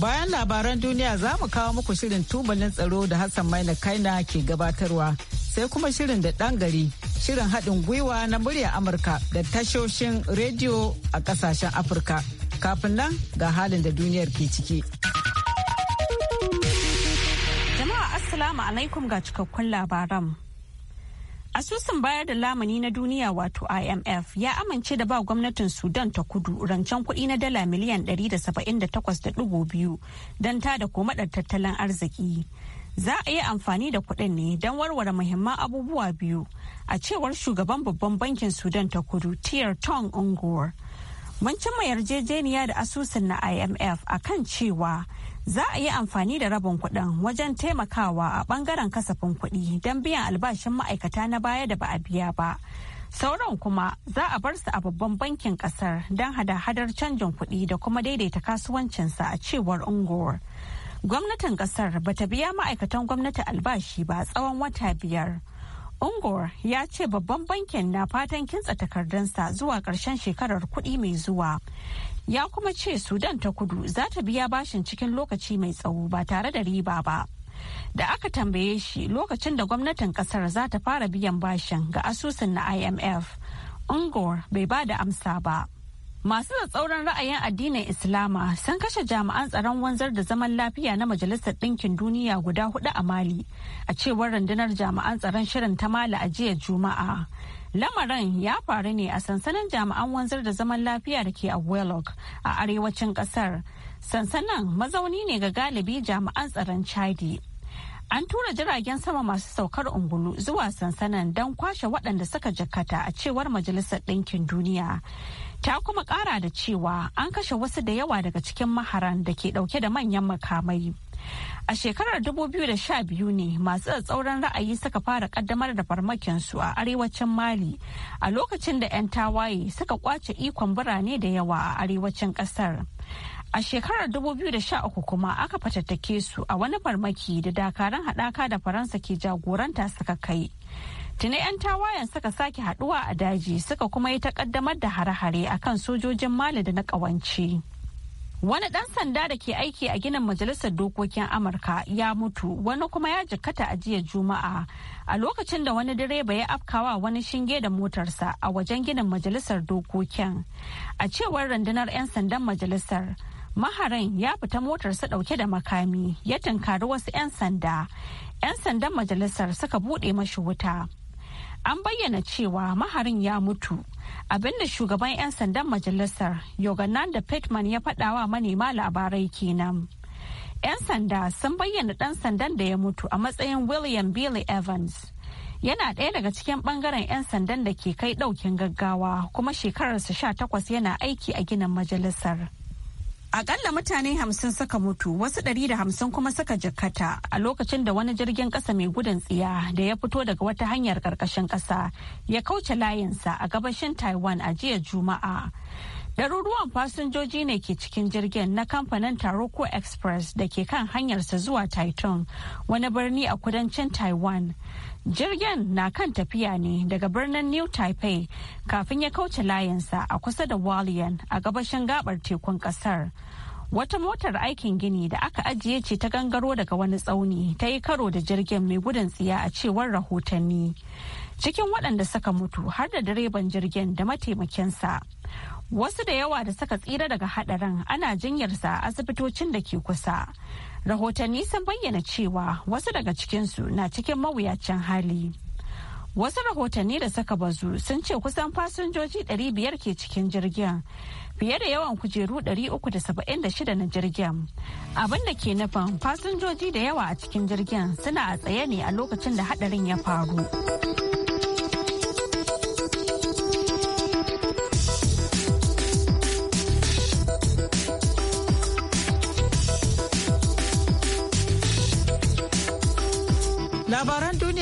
Bayan labaran duniya za mu kawo muku shirin tubalin tsaro da Hassan Maina Kaina ke gabatarwa sai kuma shirin da ɗan gari shirin haɗin gwiwa na murya Amurka da tashoshin rediyo a ƙasashen Afirka. Kafin nan ga halin da duniyar ke ciki. Jama'a Assalamu alaikum ga cikakkun labaran. Asusun bayar da lamuni na duniya wato IMF ya amince da ba gwamnatin Sudan ta kudu rancen kuɗi na dala miliyan 178.2 don ta da komaɗar tattalin arziki. Za a yi amfani da kuɗin ne don warware muhimman abubuwa biyu a cewar shugaban babban bankin Sudan ta kudu Tiyar Tong Unguwar. mun cimma yarjejeniya da asusun na imf a kan cewa za a yi amfani da rabin kuɗin wajen taimakawa a ɓangaren kasafin kuɗi don biyan albashin ma'aikata na baya da ba a biya ba sauran kuma za a bar su a babban bankin kasar don hada-hadar canjin kuɗi da kuma daidaita kasuwancinsa a cewar unguwar gwamnatin kasar bata biya ma'aikatan gwamnati albashi ba tsawon wata biyar Ungor ya ce babban bankin na fatan kintsa takardunsa zuwa ƙarshen shekarar kuɗi mai zuwa. Ya kuma ce Sudan ta kudu za ta biya bashin cikin lokaci mai tsawo ba tare da riba ba. Da aka tambaye shi lokacin da gwamnatin kasar za ta fara biyan bashin ga asusun na IMF, Ungor bai ba da amsa ba. Masu tsauran ra'ayin addinin Islama sun kashe jami'an tsaron wanzar da zaman lafiya na Majalisar Ɗinkin Duniya guda hudu a Mali, a cewar rundunar jami'an tsaron shirin ta Mali a jiya Juma'a. Lamarin ya faru ne a sansanin jami'an wanzar da zaman lafiya da ke a Wellock a arewacin ƙasar. Sansanin mazauni ne ga galibi jami'an tsaron Chadi. An tura jiragen sama masu saukar ungulu zuwa sansanin don kwashe waɗanda suka jakata a cewar Majalisar Ɗinkin Duniya. ta kuma kara da cewa an kashe wasu da yawa daga cikin maharan da ke dauke da manyan makamai a shekarar 2012 ne masu tsauran ra'ayi suka fara kaddamar da farmakinsu a arewacin mali a lokacin da 'yan tawaye suka kwace ikon birane da yawa a arewacin kasar A shekarar 2013 kuma aka fatattake su a wani farmaki da dakaran haɗaka da Faransa ke jagoranta suka kai. Tuni 'yan tawayen suka sake haɗuwa a daji suka kuma yi takaddamar da hare-hare kan sojojin Mali da na ƙawance. Wani ɗan sanda da ke aiki a ginin Majalisar Dokokin Amurka ya mutu wani kuma ya jikkata a jiya Juma'a a lokacin da wani direba ya afkawa wani shinge da motarsa a wajen ginin Majalisar Dokokin. A cewar rundunar 'yan sandan Majalisar, maharan ya fita motarsa dauke da makami ya tunkari wasu 'yan sanda 'yan sandan majalisar suka bude mashi wuta an bayyana cewa maharin ya mutu abinda shugaban 'yan sandan majalisar da pittman ya faɗawa manema labarai kenan 'yan sanda sun bayyana dan sandan da ya mutu a matsayin william billy evans yana ɗaya daga cikin bangaren 'yan sandan da ke kai daukin gaggawa kuma shekararsa 18 yana aiki a ginin majalisar Akalla mutane hamsin suka mutu wasu ɗari da hamsin kuma suka jikkata a lokacin da wani jirgin ƙasa mai gudun tsiya da ya fito daga wata hanyar ƙarƙashin ƙasa ya kauce layinsa a gabashin Taiwan a jiya Juma'a. daruruwan fasinjoji ne ke cikin jirgin na kamfanin Taroko Express da ke kan hanyarsa zuwa Taitung, wani birni a kudancin Taiwan. Jirgin na kan tafiya ne daga birnin New Taipei kafin ya kauce layinsa a kusa da Walian a gabashin gabar tekun kasar. wata motar aikin gini da aka ajiye ce ta gangaro daga wani tsauni ta yi karo da jirgin mai gudun tsiya a cewar rahotanni cikin waɗanda suka mutu har da direban jirgin da mataimakinsa Wasu da yawa da suka tsira daga hadarin ana jinyarsa a asibitocin da ke kusa. Rahotanni sun bayyana cewa wasu daga cikinsu na cikin mawuyacin hali. Wasu rahotanni da suka bazu sun ce kusan fasinjoji 500 ke cikin jirgin, fiye da yawan kujeru 376 na jirgin. Abin da ke nufin fasinjoji da yawa a cikin jirgin suna a tsaye ne a lokacin da hadarin ya faru.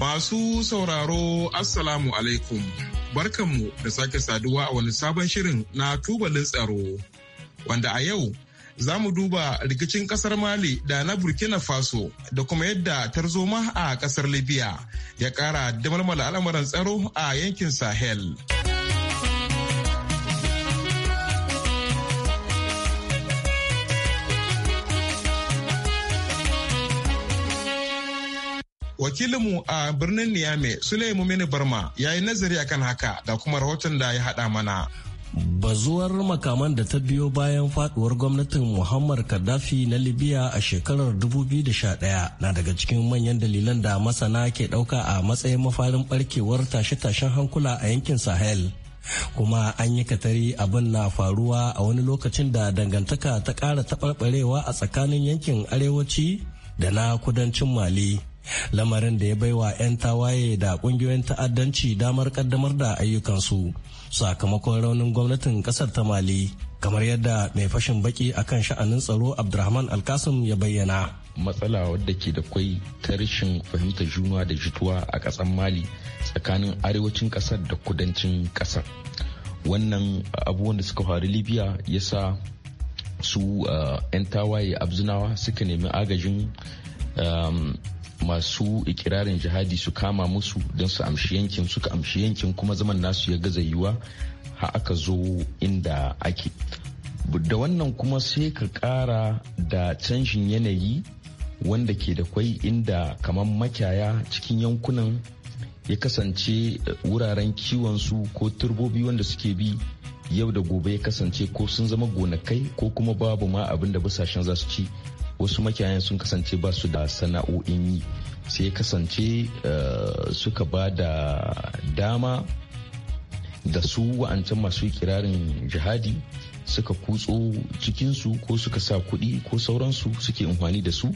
Masu sauraro Assalamu alaikum. Barkanmu da sake saduwa a wani sabon shirin na tubalin tsaro. Wanda a yau za mu duba rikicin kasar Mali da na Burkina Faso da kuma yadda tarzoma a kasar Libya ya kara damarmala al'amuran tsaro a yankin Sahel. wakilinmu a birnin niamey sulaimu mini barma ya yi nazari akan haka da kuma rahoton da ya haɗa mana bazuwar makaman da ta biyo bayan faduwar gwamnatin muhammad gaddafi na libya a shekarar 2011 na daga cikin manyan dalilan da masana ke ɗauka a matsayin mafarin barkewar tashe-tashen hankula a yankin sahel kuma an yi katari abin na faruwa a wani lokacin da dangantaka ta ƙara taɓarɓarewa a tsakanin yankin arewaci da na kudancin mali lamarin da ya baiwa 'yan tawaye da kungiyoyin ta'addanci damar kaddamar da ayyukansu sakamakon raunin gwamnatin kasar ta mali kamar yadda mai fashin baki akan sha'anin tsaro abdulrahman alkasim ya bayyana matsala wadda ke da kwai ta rashin fahimtar juna da jituwa a ƙasar mali tsakanin arewacin kasar da kudancin kasar wannan abubuwan da suka faru libya ya sa su eh, 'yan tawaye abzunawa suka nemi agajin eh, masu ikirarin jihadi su kama musu don su amshi yankin suka amshi yankin kuma zaman nasu ya gaza yiwa ha aka zo inda ake da wannan kuma sai ka kara da canjin yanayi wanda ke da kwai inda kamar makyaya cikin yankunan ya kasance wuraren kiwonsu ko turbobi wanda suke bi yau da gobe ya kasance ko sun zama gonakai ko kuma babu ma abin da busashen za su ci wasu makiyayan sun kasance ba su da sana'o'in yi sai kasance eh, suka ba da dama da su wa'ancan masu kirarin jihadi suka kutso cikinsu ko suka sa kuɗi ko sauransu suke amfani da su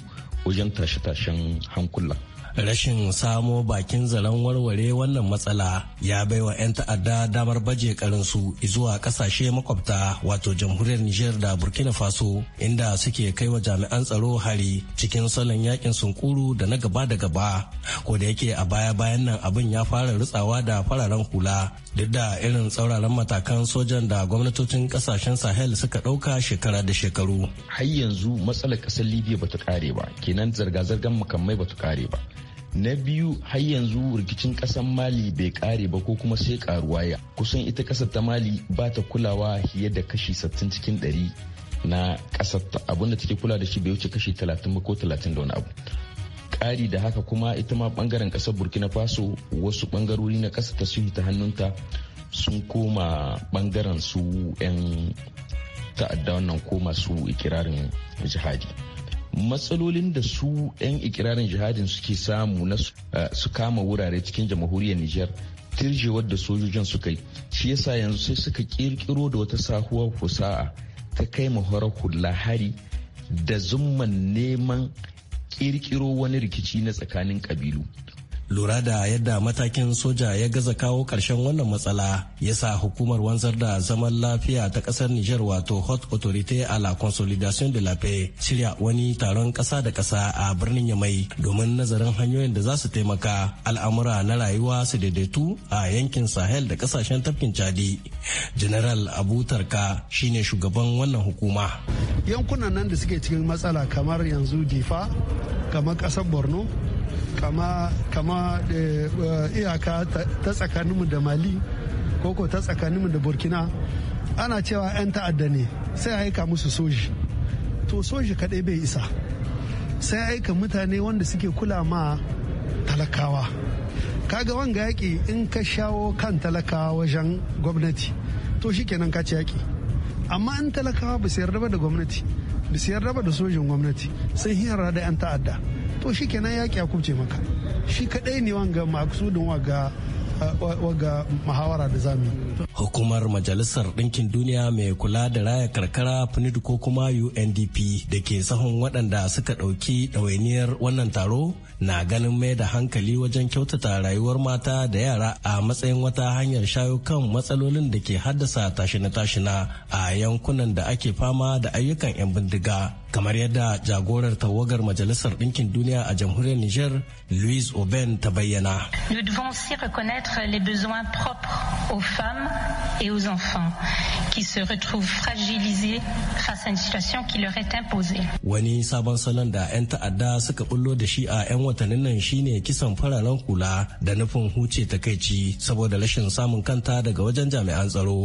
wajen tashe-tashen hankula. rashin samo bakin zaren warware wannan matsala ya baiwa 'yan ta'adda damar baje karinsu zuwa kasashe makwabta wato jamhuriyar nijar da burkina faso inda suke kai wa jami'an tsaro hari cikin salon yakin sunkuru da na gaba da gaba ko da yake a baya bayan nan abin ya fara rutsawa da fararen hula duk da irin tsauraran matakan sojan da gwamnatocin kasashen sahel suka ɗauka shekara da shekaru har yanzu matsalar ƙasar libya bata kare ba kenan zirga-zirgar makamai bata kare ba na biyu har yanzu rikicin ƙasar mali bai kare ba ko kuma sai karuwa ya kusan ita kasar ta mali ba ta kulawa fiye da kashi 60 cikin 100 na kasar ta abinda da take kula da shi bai wuce kashi 30 ba ko 30 da wani abu kari da haka kuma ita ma bangaren ƙasar burkina faso wasu bangarori na kasa ta suhi ta hannunta sun koma bangaren su 'yan ta'adda wannan koma su ikirarin jihadi. matsalolin da su 'yan ikirarin jihadin suke samu na su eh, kama wurare cikin jamhuriyar Nijar tirjewar da sojojin suka yi shi yasa yanzu sai suka kirkiro da wata sahuwar fusa'a ta kai mahorar hula hari da zumman neman kirkiro wani rikici na tsakanin kabilu lura da yadda matakin soja ya gaza kawo ƙarshen wannan matsala ya sa hukumar wanzar da zaman lafiya ta ƙasar Nijar wato Hot Autorité à la Consolidation de la Paix shirya wani taron ƙasa da ƙasa a birnin Yamai domin nazarin hanyoyin da za su taimaka al'amura na rayuwa su daidaitu a yankin Sahel da ƙasashen tafkin Chadi. General Abu Tarka shine shugaban wannan hukuma. Yankunan nan da suke cikin matsala kamar yanzu Difa, kamar ƙasar Borno, kama kama eh, iyaka ta tsakaninmu da mali koko ta tsakaninmu da burkina ana cewa 'yan ta'adda ne sai aika musu soji to soji kaɗai bai isa sai aika mutane wanda suke kula ma talakawa kaga wanga yaƙi in ka shawo kan talakawa wajen gwamnati to shikenan ka ci yaƙi amma in talakawa ba su yarda ba da gwamnati ba su yarda ba da sojin gwamnati sun hira da 'yan ta'adda to shi kenan yaƙi a kubce maka shi kaɗai ne wanga maksudin waga uh, waga muhawara da zamu Hukumar Majalisar Ɗinkin Duniya mai kula da raya karkara PNUD ko kuma UNDP da ke sahun waɗanda suka ɗauki ɗawainiyar wannan taro na ganin mai da hankali wajen kyautata rayuwar mata da yara a matsayin wata hanyar shayo kan matsalolin da ke haddasa tashina-tashina a yankunan da ake fama da ayyukan 'yan bindiga. kamar yadda jagorar tawagar majalisar ɗinkin duniya a jamhuriyar Nijar Louise Oben ta bayyana. Nous devons aussi reconnaître les besoins propres aux femmes et aux enfants qui se retrouvent fragilisés face à une situation qui leur est imposée. Wani sabon salon da 'yan ta'adda suka bullo da shi a 'yan watannin nan shine kisan fararen kula da nufin huce takaici saboda rashin samun kanta daga wajen jami'an tsaro.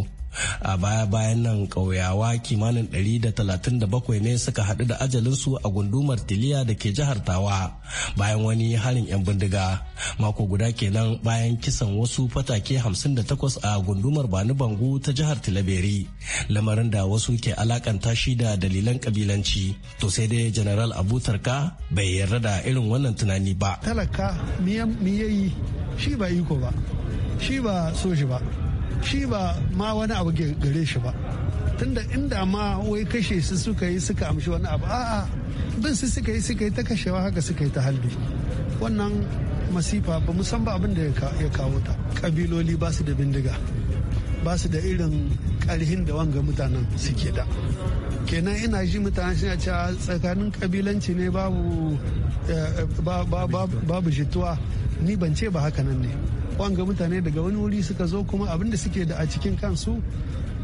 a baya-bayan nan ƙauyawa kimanin 137 ne suka haɗu da ajalinsu a gundumar tiliya da ke jihar tawa bayan wani harin 'yan bindiga mako guda kenan bayan kisan wasu fatake 58 a gundumar bani bangu ta jihar tilaberi lamarin da wasu ke alakanta shi da dalilan kabilanci to sai dai general abu tarka bai yarda da irin wannan tunani ba talaka miyayi shi ba iko ba shi ba so shi ba shi ba ma wani abu gare shi ba tunda inda ma wai kashe su suka yi suka amshi wani abu a'a bin su suka yi suka yi ta kashewa haka suka yi ta halbe wannan masifa ba san ba abin da ya kawo ta kabiloli ba su da bindiga ba su da irin karhin da wanga mutanen suke da kenan ina ji mutane suna cewa tsakanin kabilanci ne babu eh, eh, babu jituwa ni ban ce ba haka nan ne wanga mutane daga wani wuri suka zo kuma abin da suke da a cikin kansu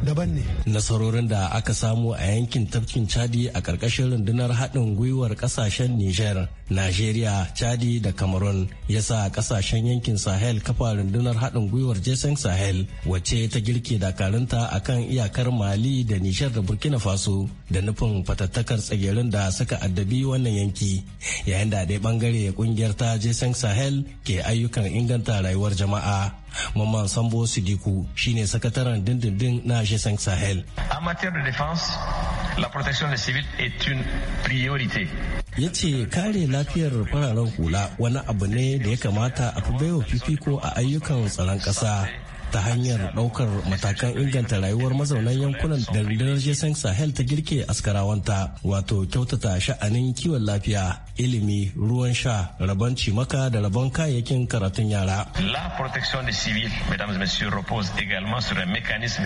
daban ne. Nasarorin da aka samu a yankin tafkin Chadi a ƙarƙashin rundunar haɗin gwiwar ƙasashen Nijar, Najeriya, Chadi da Cameroon ya sa ƙasashen yankin Sahel kafa rundunar haɗin gwiwar Jason Sahel wacce ta girke dakarunta a kan iyakar Mali da Nijar da Burkina Faso da nufin fatattakar tsagerin da suka addabi wannan yanki. Yayin da ɗaya ɓangare ƙungiyar ta Jason Sahel ke ayyukan inganta rayuwar jama'a. Maman Sambo Sidiku shine sakataren dindindin na G5 Sahel. En matière de défense, la protection des civils est une priorité. ya ce kare lafiyar fararen hula wani abu ne da ya kamata a fi baiwa fifiko a ayyukan tsaron ƙasa ta hanyar ɗaukar matakan inganta rayuwar mazaunan yankunan da rundunar jason sahel ta girke askarawanta wato kyautata sha'anin kiwon lafiya ilimi ruwan sha rabon cimaka da rabon kayayyakin karatun yara la protection des repose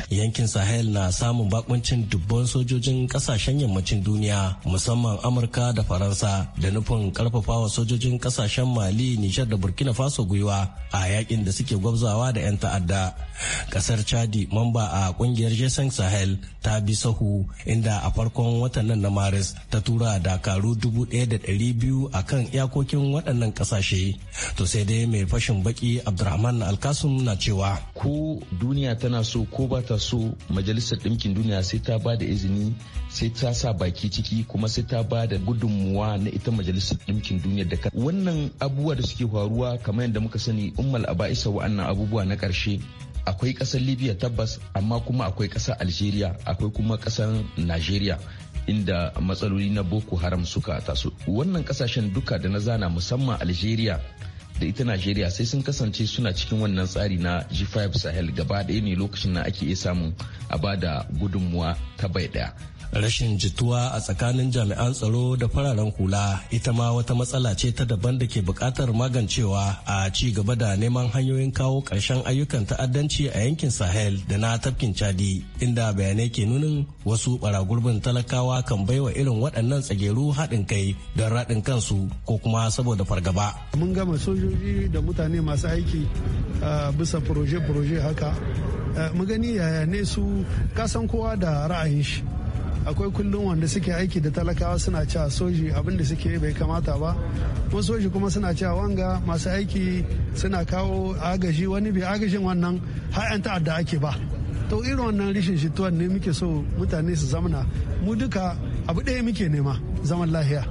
yankin sahel na samun bakuncin dubban sojojin kasashen yammacin duniya musamman amurka da faransa da nufin karfafawa sojojin kasashen mali nishar da burkina faso gwiwa a yakin da suke gwabzawa da 'yan ta'adda kasar chadi mamba a kungiyar jason sahel ta bi sahu inda a farkon watannan na maris ta tura dakaru 1,200 a kan iyakokin waɗannan ƙasashe to sai dai mai fashin baki abdurrahman alkasum na cewa ko duniya tana so ko ba ta so majalisar ɗinkin duniya sai ta ba da izini sai ta sa baki ciki kuma sai ta ba da gudunmuwa na ita majalisar ɗinkin duniya da wannan abubuwa da suke faruwa kamar yadda muka sani ummal aba'isa wa'annan abubuwa na ƙarshe akwai kasar libya tabbas amma kuma akwai kasar algeria akwai kuma kasar nigeria inda matsaloli na boko haram suka taso wannan kasashen duka da na zana musamman algeria da ita Nigeria sai sun kasance suna cikin wannan tsari na G5 Sahel gaba ɗaya ne lokacin na ake iya samun a bada gudunmuwa ta bai ɗaya. rashin jituwa a tsakanin jami'an tsaro da fararen hula ita ma wata matsala ce ta daban da ke bukatar magancewa a ci gaba da neman hanyoyin kawo karshen ayyukan ta'addanci a yankin sahel da na tafkin chadi inda bayanai ke nunin wasu baragurbin talakawa kan baiwa irin waɗannan tsageru haɗin kai don raɗin kansu ko kuma saboda fargaba. mun gama sojoji da mutane masu aiki bisa proje-proje haka mu gani yaya ne su kasan kowa da ra'ayin shi akwai kullum wanda suke aiki da talakawa suna cewa soji abin da suke bai kamata ba kuma soji kuma suna cewa wanga masu aiki suna kawo agaji wani bai agajin wannan har 'yan ta'adda ake ba to irin wannan rishin shituwan ne muke so mutane su zamana mu duka abu ɗaya muke nema zaman lahiya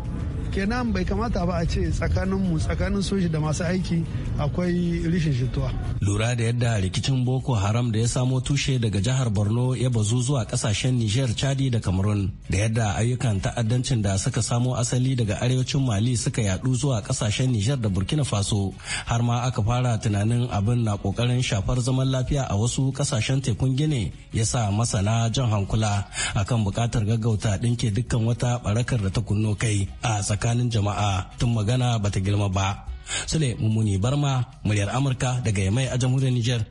kenan bai kamata ba a ce tsakanin mu tsakanin soji da masu aiki akwai rishin shituwa lura da yadda rikicin boko haram da ya samo tushe daga jihar borno ya bazu zuwa kasashen niger chadi da cameroon da yadda ayyukan ta'addancin da suka samo asali daga arewacin mali suka yadu zuwa kasashen niger da burkina faso har ma aka fara tunanin abin na kokarin shafar zaman lafiya a wasu kasashen tekun gine ya sa masana jan hankula akan bukatar gaggauta dinke dukkan wata barakar da ta kunno kai a tsakanin tsakanin jama'a tun magana bata girma ba sule mummuni barma muryar amurka daga yamai a jamhuriyar nijar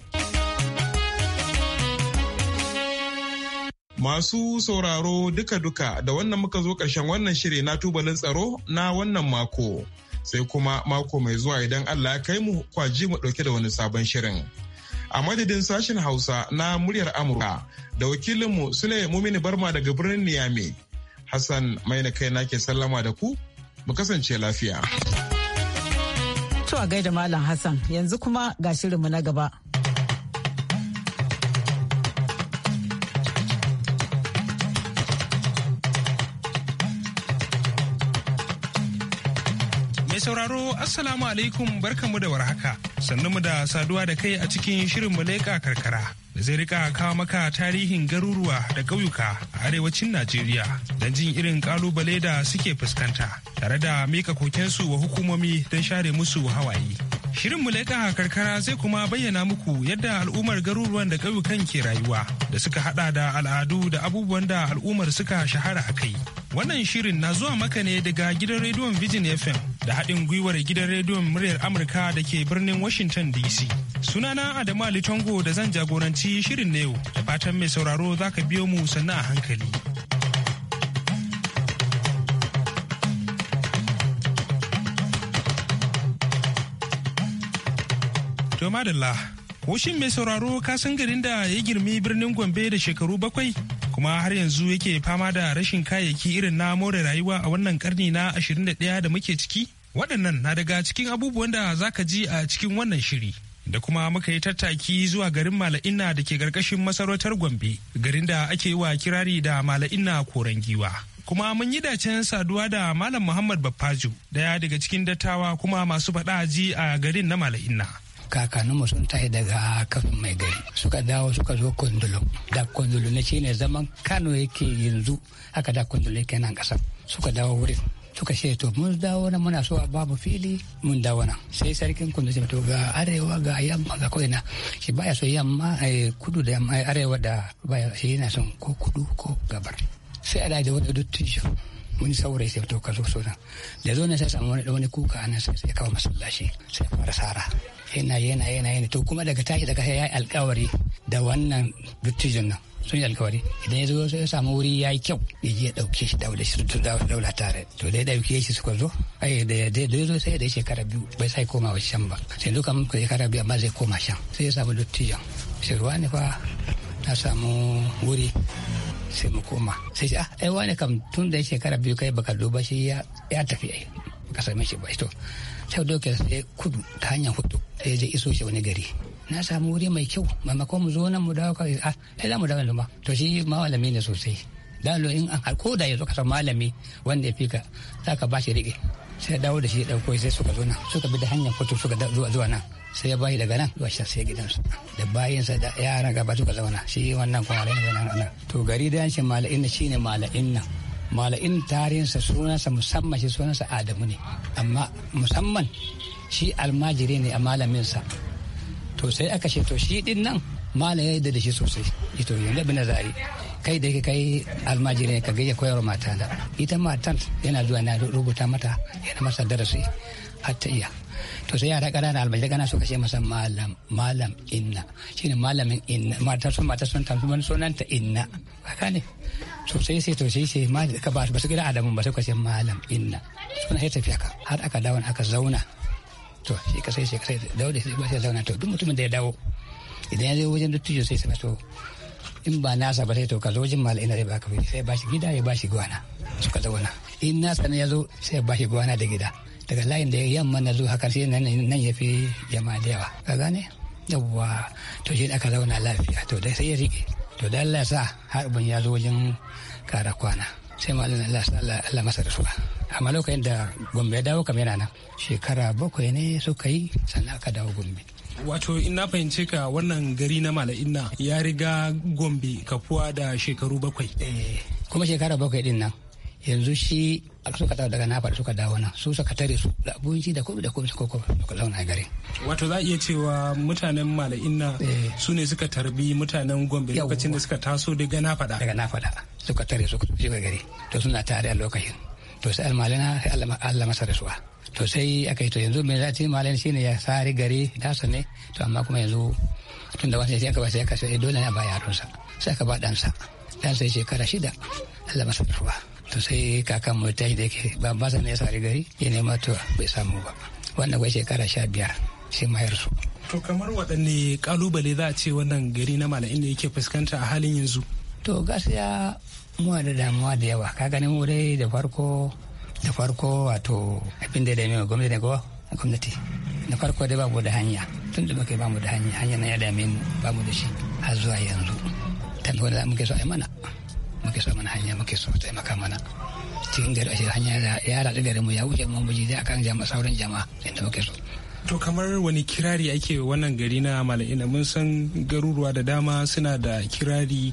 Masu sauraro duka-duka da wannan muka zo ƙarshen wannan shiri na tubalin tsaro na wannan mako. Sai kuma mako mai zuwa idan Allah ya kai mu kwaji mu ɗauke da wani sabon shirin. A madadin sashen Hausa na muryar Amurka da wakilinmu Sule Mumini Barma daga birnin niyami Hassan mai kai na ke sallama da ku mu kasance lafiya. To a gaida Malam Hassan yanzu kuma ga shirinmu na gaba. Mai sauraro Assalamu alaikum barkanmu da warhaka sannu mu da saduwa da kai a cikin shirin mu leƙa karkara. da zai rika kawo maka tarihin garuruwa da ƙauyuka a arewacin Najeriya don jin irin ƙalubale da suke fuskanta tare da mika kokensu wa hukumomi don share musu hawaye. Shirin mu leƙa karkara zai kuma bayyana muku yadda al'ummar garuruwan da ƙauyukan ke rayuwa da suka hada da al'adu da abubuwan da al'ummar suka shahara a kai. Wannan shirin na zuwa maka ne daga gidan rediyon Vision FM da haɗin gwiwar gidan rediyon muryar Amurka da ke birnin Washington DC. Sunana Adamu Ali Tango da zan jagoranci shirin na yau da fatan mai sauraro za ka biyo mu sannu a hankali. To madalla, wushin mai sauraro kasan garin da ya girmi birnin Gombe da shekaru bakwai kuma har yanzu yake fama da rashin kayayyaki irin na more rayuwa a wannan karni na 21 da muke ciki? Waɗannan na daga cikin abubuwan da za ka ji a cikin wannan shiri. da kuma muka yi tattaki zuwa garin mala'ina da ke ƙarƙashin masarautar gombe garin da ake wa kirari da mala'ina koren giwa kuma mun yi dacen saduwa da malam muhammad baffaju daya daga cikin dattawa kuma masu faɗa ji a garin na mala'ina kakanninmu sun tahi daga kafin mai gari suka dawo suka zo kondolo da kondolo na shine zaman kano yake yanzu haka da kondolo yake nan ƙasar suka dawo wurin suka ce to mun dawo nan muna so a babu fili mun dawo nan sai sarkin kundu ce to ga arewa ga yamma ga koina shi baya so yamma eh, kudu da yamma eh, arewa da baya shi yana son ko kudu ko gabar sai a da wani dottijo mun saurayi sai to ka zo so nan da zo ne sai samu wani wani kuka anan sai sai kawo masallaci sai fara sara yana yana yana yana to kuma daga tashi daga sai yi alƙawari da wannan dattijon nan sun yi alkawari idan ya zo ya samu wuri ya yi kyau ya je dauke ɗauke shi daula shi daula tare to da ya dauke shi suka zo ai da ya zo sai da shekara biyu bai sai koma wa shan ba sai duka mun shekara biyu amma zai koma shan sai ya samu dattijan shi ruwa ne fa na samu wuri sai mu koma sai ah ai wani kam tun da shekara biyu kai baka duba shi ya tafi ai ka same shi ba to sai doke sai kudu ta hanyar hudu sai je iso shi wani gari na samu wuri mai kyau maimakon mu zo nan mu dawo kawai a ah, ai zamu mu dawo ma to shi malami ne sosai lo in an ko da yazo ka san malami wanda ya fi ka za ka ba shi riƙe sai dawo da shi ɗauko sai suka zo nan suka bi da hanyar kutu suka zuwa zuwa nan sai ya bayi daga nan zuwa shi sai gidansu da sa da yaran gaba suka zauna shi wannan kwanarai ne nan nan to gari da yancin mala'in shi shine mala'in nan mala'in tarihinsa sunansa musamman shi sunansa adamu ne amma musamman shi almajiri ne a malaminsa to sai aka ce to shi din nan mala ya da shi sosai ito yanzu bi da za kai da yake kai almajiri ka gayya koyarwa mata da ita matan yana zuwa na rubuta mata yana masa darasi har ta iya to sai yara ƙanana almajiri kana suka ce masa malam malam inna ne malamin inna mata sun mata sun tamsu wani sunan ta inna haka ne to sai sai to sai sai ma ka ba su gida adamu ba sai ka ce malam inna suna sai tafiya ka har aka dawo aka zauna to shi kasai shi kasai dawo da ba sai zauna to duk mutumin da ya dawo idan ya zo wajen dattijo sai sana to in ba nasa ba sai to ka zo wajen mali ina zai baka fili sai ba shi gida ya ba shi gwana su ka zauna in nasa ne ya zo sai ba shi gwana da gida daga layin da yamma na zo haka sai nan ya fi jama'a da yawa ka gane yawwa to shi aka zauna lafiya to dai sai ya rike to da Allah ya sa har ban ya zo wajen kara kwana sai malam Allah ya sa Allah masa da su amma lokacin da gombe ya dawo kam yana nan shekara bakwai ne suka yi sannan aka dawo gombe wato in na fahimce ka wannan gari na mala'inna ya riga gombe kafuwa da shekaru bakwai eh, kuma shekara bakwai din nan yanzu shi suka dawo daga nafa suka dawo nan su suka tare su da abinci da komi da komi suka koma suka zauna gari wato za a iya cewa mutanen mala'inna eh. su ne suka tarbi mutanen gombe lokacin da suka taso daga nafa daga nafa suka tare su suka gari to suna tare a lokacin to sai almalana sai Allah masa rasuwa to sai aka yi to yanzu me za malami malan shine ya sari gari su ne to amma kuma yanzu tun da wani sai aka ba sai aka dole ne a ba yaronsa sai aka ba ɗansa ɗansa ya shekara shida Allah masa rasuwa to sai kakan mu yi da yake ba masa ne ya sari gari ya nema to bai samu ba wannan bai shekara sha biyar sai su. To kamar waɗanne ƙalubale za a ce wannan gari na malam inda yake fuskanta a halin yanzu? to gaskiya muna da damuwa da yawa ka gani mu dai da farko da farko wato abin da ya dame gwamnati ne ko gwamnati na farko dai babu da hanya tun da muke bamu da hanya hanya na ya dame mu bamu da shi har zuwa yanzu tambayar da muke so a mana muke so mana hanya muke so taimaka mana cikin gari a shi hanya ya raɗi gari mu ya wuce mu mu ji da akan jama'a sauran jama'a inda muke so to kamar wani kirari ake wannan gari na mala'ina mun san garuruwa da dama suna da kirari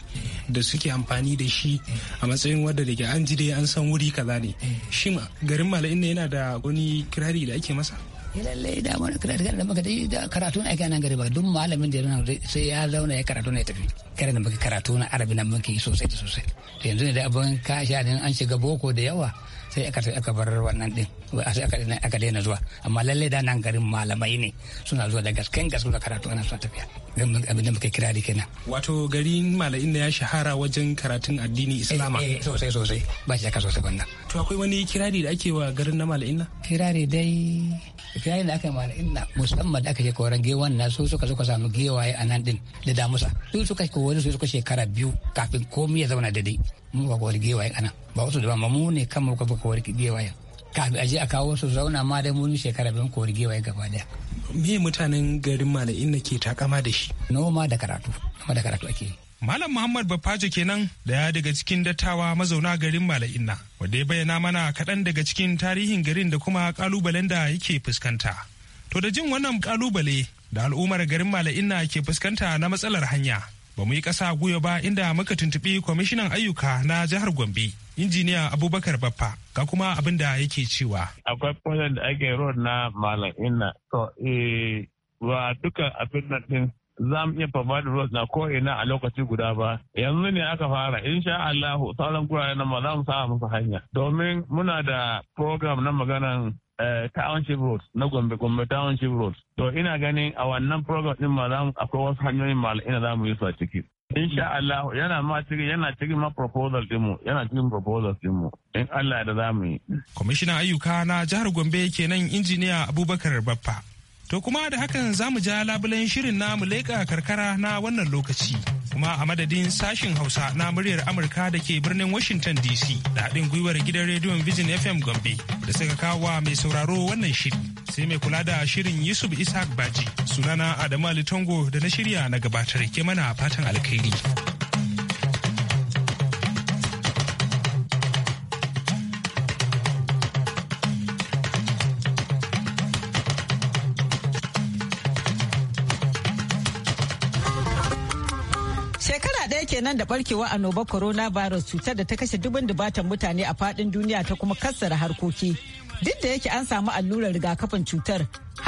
da suke amfani da shi a matsayin wadda da ke an ji dai an san wuri kaza ne shi garin mala'ina yana da wani kirari da ake masa eh, lallai da wani kirari da muka dai da karatu na aikana nan gari ba duk malamin da yana sai ya zauna ya karatu na ya tafi kare da muka karatu na arabi nan muke sosai da sosai yanzu ne da abin kasha an shiga boko da yawa sai aka bar wannan din sai aka daina zuwa amma lallai da nan garin malamai ne suna zuwa da gasken gaske da karatu ana suna tafiya abin da muka kira da kenan wato garin malamin da ya shahara wajen karatun addini islama eh, eh sosai sosai ba shi aka sosai wannan to akwai wani kirari da ake wa garin na malamin na kirari dai kirari da aka yi malamin na musamman da aka je koran gewan na su suka suka samu gewaye a nan din da damusa su suka wani su suka shekara biyu kafin komai ya zauna daidai mu ba wal gewaye kana ba wasu da ba mu ne kan mu ka buka wal gewaye kafin aje a kawo su zauna ma dai mun shekara bin ko gewaye gaba daya me mutanen garin mala'in na ke takama da shi noma da karatu noma da karatu ake yi Malam Muhammad Bafajo kenan daya daga cikin dattawa mazauna garin Mala'inna wanda ya bayyana mana kaɗan daga cikin tarihin garin da kuma ƙalubalen da yake fuskanta. To da jin wannan ƙalubale da al'ummar garin Mala'inna ke fuskanta na matsalar hanya ba mu yi ƙasa guyo ba inda muka tuntuɓi kwamishinan ayyuka na jihar gombe injiniya abubakar baffa ga kuma abin da yake cewa akwai kwanan da ake road na malam ina to eh wa duka abin nan din za mu iya provide road na ko ina a lokaci guda ba yanzu ne aka fara insha Allah sauran gurare na ma za mu sa musu hanya domin muna da program na maganan Eh, township roads na gombe gombe township roads to ina ganin a wannan program din ma mu akwai wasu hanyoyin ma ina zamu yi su a ciki insha Allah yana ma cikin yana cikin ma proposal dinmu yana cikin proposals dinmu in Allah da za mu yi kwamishinan ayyuka na jihar gombe kenan injiniya abubakar baffa To kuma da hakan za mu ja labulen shirin na mu leƙa karkara na wannan lokaci. Kuma a madadin sashin Hausa na muryar Amurka da ke birnin Washington DC da haɗin gwiwar gidan rediyon Vision FM Gombe da suka kawo mai sauraro wannan shiri. Sai mai kula da shirin Yusuf Ishaq Baji sunana Adamu Ali Tango da na shirya na gabatar ke mana fatan alkhairi. kenan da barkewa annoba virus cutar da ta kashe dubin dubatan mutane a fadin duniya ta kuma kassara harkoki duk da yake an samu allurar rigakafin cutar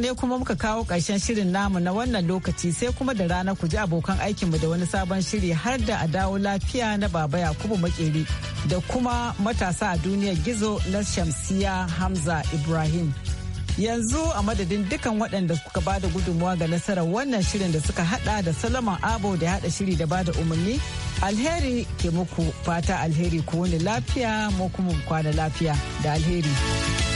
ne kuma muka kawo ƙarshen shirin namu na wannan lokaci sai kuma da rana ku ji abokan aikinmu da wani sabon shiri har da a dawo lafiya na baba yakubu makeri da kuma matasa a duniyar gizo na shamsiya hamza ibrahim yanzu a madadin dukan waɗanda suka bada gudunmuwa ga nasarar wannan shirin da suka hada da salaman abo da hada shiri da bada umarni alheri ke muku fata alheri ku wani lafiya mu kwana lafiya da alheri.